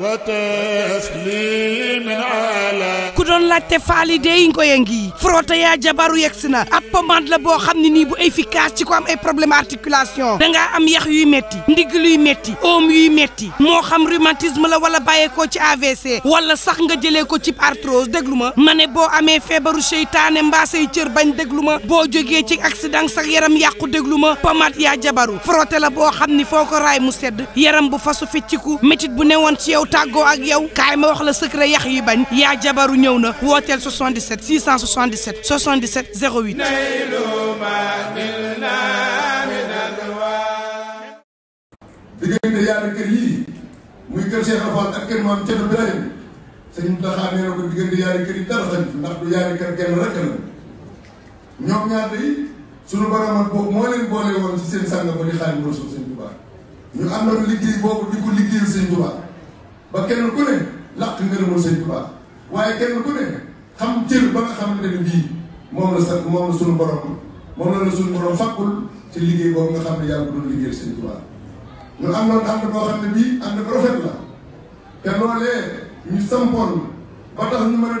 وتسليم على doon laajte faali dey ngi frotté yaa jabaru yegsi na ab pommade la boo xam ne nii bu efficace ci ko am ay problème articulation dangaa am yax yuy metti ndigg luy metti oom yuy metti moo xam rhumatisme la wala bàyyeekoo ci AVC wala sax nga jëlee ko ci arthrose déglu ma ma ne boo amee feebaru seytaane mbaasay cër bañ déglu ma boo jógee ci accident sax yaram yàqu déglu ma pommade yaa jabaru frotté la boo xam ni foo ko raay mu sedd yaram bu fasu fecciku métit bu newoon ci yow tàggoo ak yow kaay ma wax la secret yax yi bañ yaa jabaru ñëw na la wooteel 77 677 77 08. diggante yaari kër yii muy kër Cheikh Afal ak kër maam Thierno Birahim sëñ Mountakha nee na ko diggante yaari kër yi dara sañ fi ndax yaari kër genn rek la ñoom ñaar yi suñu moo leen boole woon ci seen sàng ba di Xaadimu Rasuul sëñ Tuubaa ñu àndoon liggéey boobu di ko liggéeyal sëñ Tuubaa ba kenn ku ne làq ngërëmul sëñ waaye kenn ku ne xam cër ba nga xamante ne bii moom la sax moom la suñu borom moom la la suñu borom fàggul ci liggéey boobu nga xam ne yàlla doon liggéeyal seen tubaab ñu am loon ànd boo xam ne bii ànd bu rafet la te loolee ñu a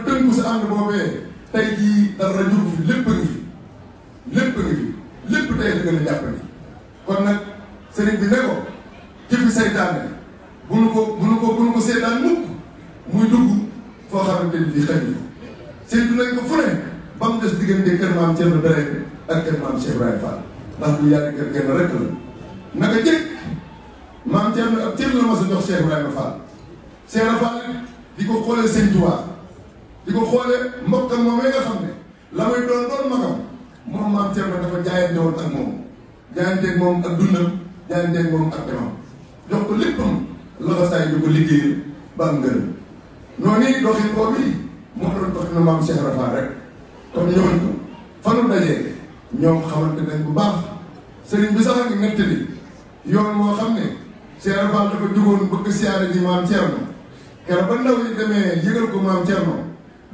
tënku sa ànd boobee lépp a ngi fi lépp a lépp tey la gën a jàppale kon nag sëriñ bi ne ko jëfi saytaane bu nu ko bu nu ko bu nu ko seetaan mukk muy dugg foo xamante ni bii xaj na saytu nañ ko fu ne ba mu des diggante kër maam Thierno Dere ak kër maam Cheikh Ibrahima Fall ndax bu yaari kër kenn rek la naka jëkk la ma sa jox Cheikh Ibrahima Fall Cheikh Ibrahima Fall di ko xoolee Sëñ Tuubaa di ko xoolee mbokkam moom nga xam ne la may doon doon magam moom maam Thierno dafa jaayante woon ak moom jaayanteeg moom ak dundam jaayanteeg moom ak demam jox ko léppam loxo saay di ko liggéeyal ba am ngërëm noonu it ko bi mo do doon doxinu mam Cheikh Rafa rek kon ñoon fa lu dajé ñoo xamanté dañ bu baax serigne bi sax ak nettali yoon mo xamné Cheikh Rafa dafa jugoon bëgg siara ji maam Thierno kër ba ndaw yi démé yëgal ko mam maam Thierno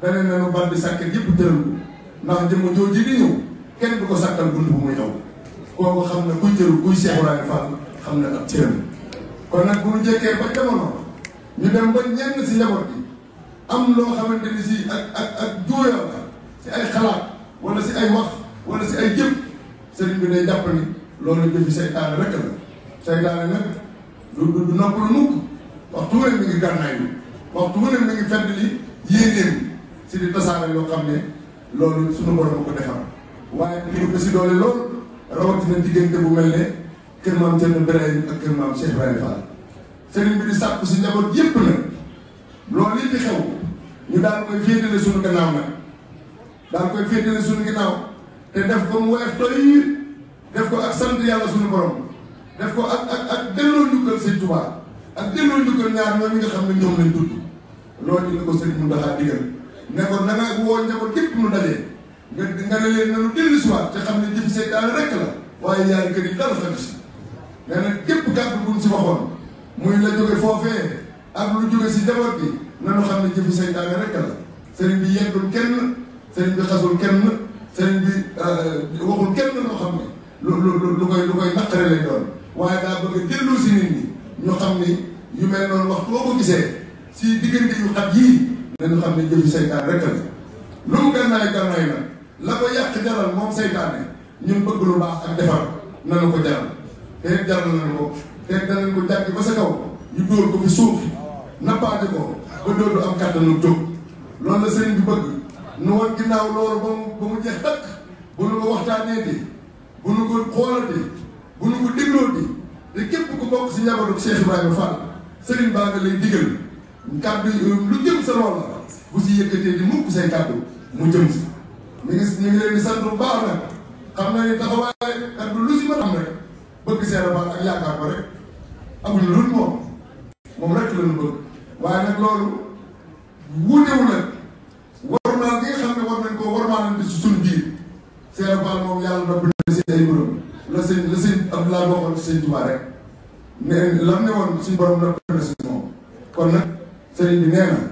dane nanu bal bi sakk yëpp tëral ko ndax jëm joo ji di ñu kenn du ko sakkal bunt bu muy taw kooku xam ne kuy jëru ku Cheikh rafa fa xam ak ab kon nak bu ñu jéké ba jamono ñu dem ba ñenn ci njaboot bi am loo xamante ni si ak ak ak juuyoo la si ay xalaat wala si ay wax wala si ay jëf sëriñ bi day jàpp ni loolu jëfi seytaane rek la seytaane nag du du noppalu mukk waxtu wu bi waxtu fedd li yéenéem si di tasaare yoo xam ne loolu suñu borom ko defal waaye ñu ko si doole loolu rawatina diggante bu mel ne kër maam Thierno Birahim ak kër maam Cheikh Ibrahima Fall sëriñ bi di sàpp si njaboot yépp nag loolu yi di xew ñu daal koy féetale suñu gannaaw nag daal koy féetale suñu gannaaw te def ko mu woyof toyir def ko ak sant yàlla suñu borom def ko ak ak ak delloo njukkal sëñ Tuubaa ak delloo njukkal ñaar ñoom ñi nga xam ne ñoom lañ tudd loolu ñu ne ko sëriñ Mountakha digal ne ko na nga woo njaboot képp nu dajee nga nga ne leen nanu dellusiwaat te xam ne jëfi seytaane rekk la waaye yaari kër yi dara xaju si nee na képp kàddu buñ si waxoon muy la jóge foofee ak lu jóge si njaboot bi nanu xam ne jëfi seytaane rek la sëriñ bi yeddul kenn sëriñ bi xasul kenn sëriñ bi euh, waxul kenn loo xam ne lu lu lu koy lu koy naqare lay doon waaye daa bëgg a dellu si nit ñi ñu xam ne yu mel noonu wax boo gisee si diggante yu xat yii nañu xam ne jëfi seytaan rek la lu mu gannaay gannaay nag la ko yàq jaral moom seytaane ñun bëgg lu baax ak defar nanu ko jaral te jaral nañu ko te danañ ko jàpp ba sa kaw ñu dóor ko fi suuf nappaate ko ba dootu am kàttanu jóg loolu la sëriñ bi bëgg nu wan ginnaaw loolu ba mu ba mu jeex dëkk bu nu ko waxtaanee di bu nu ko xoolatee bu nu ko dégloo di te képp ku bokk si njabootu Cheikh Ibrahima Fall sëriñ baa nga lay digal kàddu euh, lu jëm sa lool la bu si yëkkatee di mukk say kàddu mu jëm si ñu ngi ñu ngi leen di sant bu baax nag xam na ni taxawaay kàddu lu si mën am rek bëgg seen baal ak yaakaar ko rek amuñu lu moom moom rek la ñu bëgg nag loolu wuutewu nag warmaal gi nga xam ne war nañ koo warmaalante ci suñu biir Serigne Fall moom yàlla doon bëri seen ay borom la ne woon suñu borom la bëri si moom kon nag sëriñ bi nee na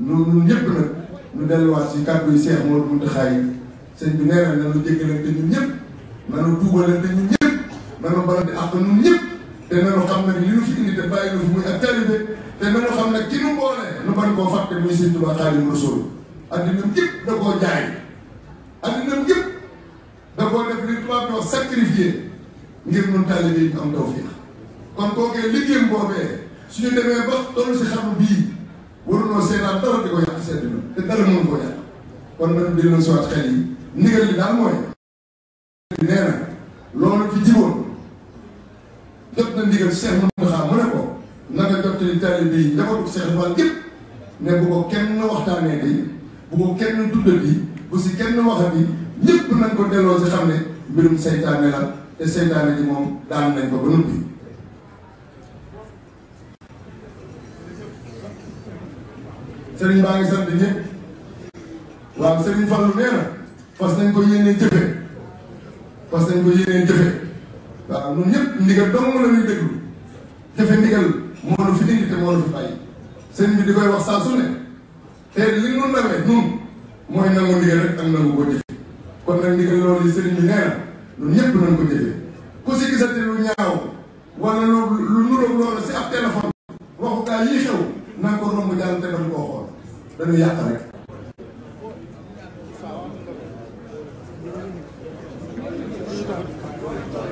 ñun ñun nag ñu delluwaat si kàddu yi Cheikh Mor Mountakha yi sëñ bi nee na na ñu jéggalante ñun ñëpp na ñu tuubalante ñun ñëpp na ñu balante ak ñun ñëpp. te nañu xam nag li ñu fi indi te bàyyi lu fi muy ak taalibe te nañu xam nag ci nu boole nu bañ koo fàtte muy Sëñ Tuubaa Xaadimu Rasuul addina yëpp da koo jaay addina yëpp da koo def li tubaab di wax ngir ñun taalibe yi ñu am tawfiix kon kookee liggéeyam boobee suñu demee ba toll si xam bii waruñoo seetaan dara di ko yàq seen dina te dara mënu ko yàq kon nag dinañ si waat xel yi ndigal daal mooy nee loolu fi jiwoon na ndigal Cheikh Mountakha mu ne ko naka jottali taalibe yi njabootu Cheikh Fall gépp ne bu ko kenn waxtaanee day bu ko kenn tuddati bu si kenn waxati ñëpp nañ ko delloo si xam ne mbirum seytaane la te seytaane ji moom daan nañ ko ba noppi. Serigne baa ngi sant ñëpp waaw Serigne Fallou nee na fas nañ ko yéenee jëfe fas nañ ko yéenee jëfe waaw ñun ñëpp ndigal dong la ñuy déglu jafe ndigal moo la fi dindi te moo la fi bàyyi sëñ bi di koy wax saa su ne te li ñu nawee ñun mooy nangu ndigal rek ak nangu ko jëfe kon nag ndigal loolu yi sëriñ bi nee na ñun ñëpp nañ ko jëfe ku si gisati lu ñaaw wala lu lu nuróog loolu si ab téléphone waxu gaa yi xew na ko romb jàll te dañ koo xool dañu yàq rek Thank you.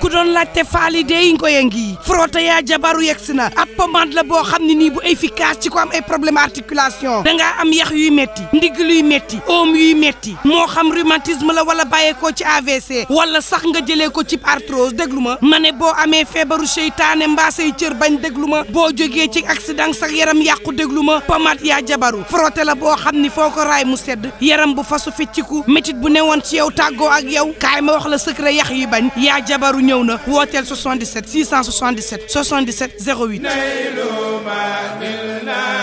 laajte faali deeyi ngoy ngi frotté yaa jabaru yegsi na ab pommade la boo xam ne nii bu efficace ci ko am ay problème articulation dangaa am yax yuy metti ndigg luy metti oom yuy metti moo xam rhumatisme la wala bàyyeekoo ci AVC wala sax nga jëlee ko ci arthrose déglu ma ma ne boo amee feebaru seytaane mbaa say cër bañ déglu ma boo jógee ci accident sax yaram yàqu déglu ma pommade yaa jabaru frotté la boo xam ni foo ko raay mu sedd yaram bu fasu fecciku métit bu newoon ci yow tàggoo ak yow ma wax la secret yax yi bañ yaa jabaru ñëw na wooteel 77 677 77 08